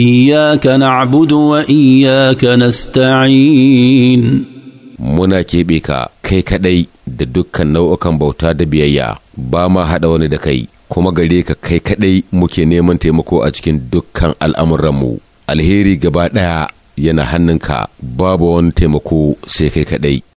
إياك نعبد وإياك نستعين muna keɓe ka kai kaɗai da dukkan nau'ukan bauta da biyayya ba ma haɗa wani da kai kuma gare ka kai kaɗai muke neman taimako a cikin dukkan al'amuranmu alheri gaba ɗaya yana hannunka babu wani taimako sai kai kaɗai